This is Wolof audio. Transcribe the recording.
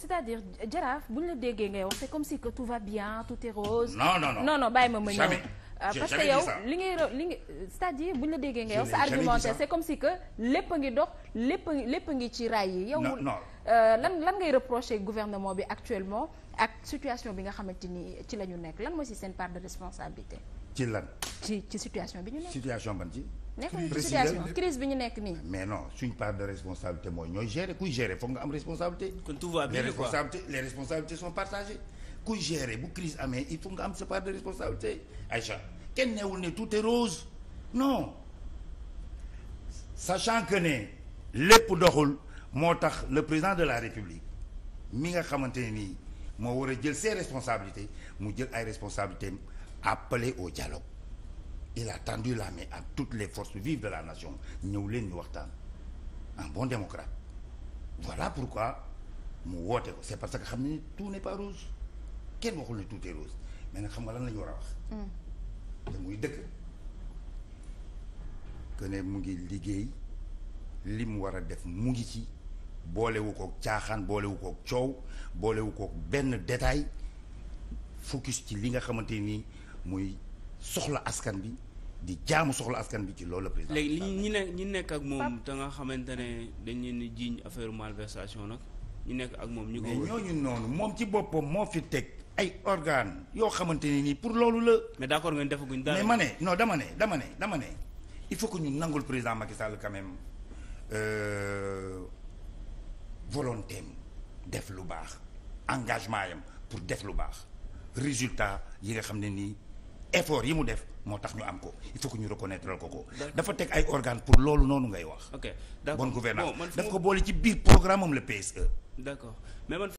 c'est-à-dire jaraaf bu ñu la déggee ngay wax c'est comme si que tout va bien tout est rose. non non bàyyi ma ma ñëw. Euh, parce que yow li ngay li nga c'est-à-dire bu la déggee ngay wax sa argumentaire c'est comme si que lépp a ngi dox lépp a ngi lépp a ngi ci raay yi. yow euh, lan lan ngay reprocher gouvernement bi actuellement ak situation bi nga xamante ni ci la ñu nekk lan mooy si seen part de responsabilité. ci lan. ci ci situation bi ñu nekk. situation ban ci. nekkuñu situation crise bi ñu nekk nii. mais non suñ part de responsabilité mooy ñooy gérer kuy gérer foog nga am responsabilité. kon tout va bien les responsabilités les responsabilités sont partagées bu crise amee il faut nga am sa part de responsabilité Aïcha kenn newul ne tout est rose non sachant que ne lépp doxul moo tax le président de la république mi nga xamante ne nii moo war a jël ses responsabilités mu jël ay responsabilités appelé au dialogue il a tendu la main à toutes les forces vives de la nation ñëw leen ñu waxtaan un bon démocrate voilà pourquoi mu woote ko c'est parce que xam ne tout n'est pas rose kenn waxul ne tout rose mais nag xam nga lan la ñu war a wax hmm. te muy dëkk que mu ngi liggéey li mu war a def mu ngi ci boolewu koog caaxaan boolewu koog coow boolewu koog benn détail focus ci li nga xamante nii muy soxla askan bi di jaamu soxla askan bi ci loolu la président. léegi li ñu nekk ñu nekk ak moom te nga xamante ne dañ leen di jiiñ affaire malversation nag ñu nekk ak moom. ñu ko moom ci boppam moo fi teg ay organe yoo xamante ne nii pour loolu la. mais d'accord ngeen defaguñ dara mais ma ne non dama ne dama ne dama ne il faut que ñu nangul président Macky Sall quand même euh, def lu baax engagement yam pour def lu baax résultat yi nga xam ne nii. effort yi mu def moo tax ñu am ko il faut que ñu reconnaître ko ko dafa teg ay organes pour loolu noonu ngay wax. ok d'accord bonne ko boole ci biir programme am PSE.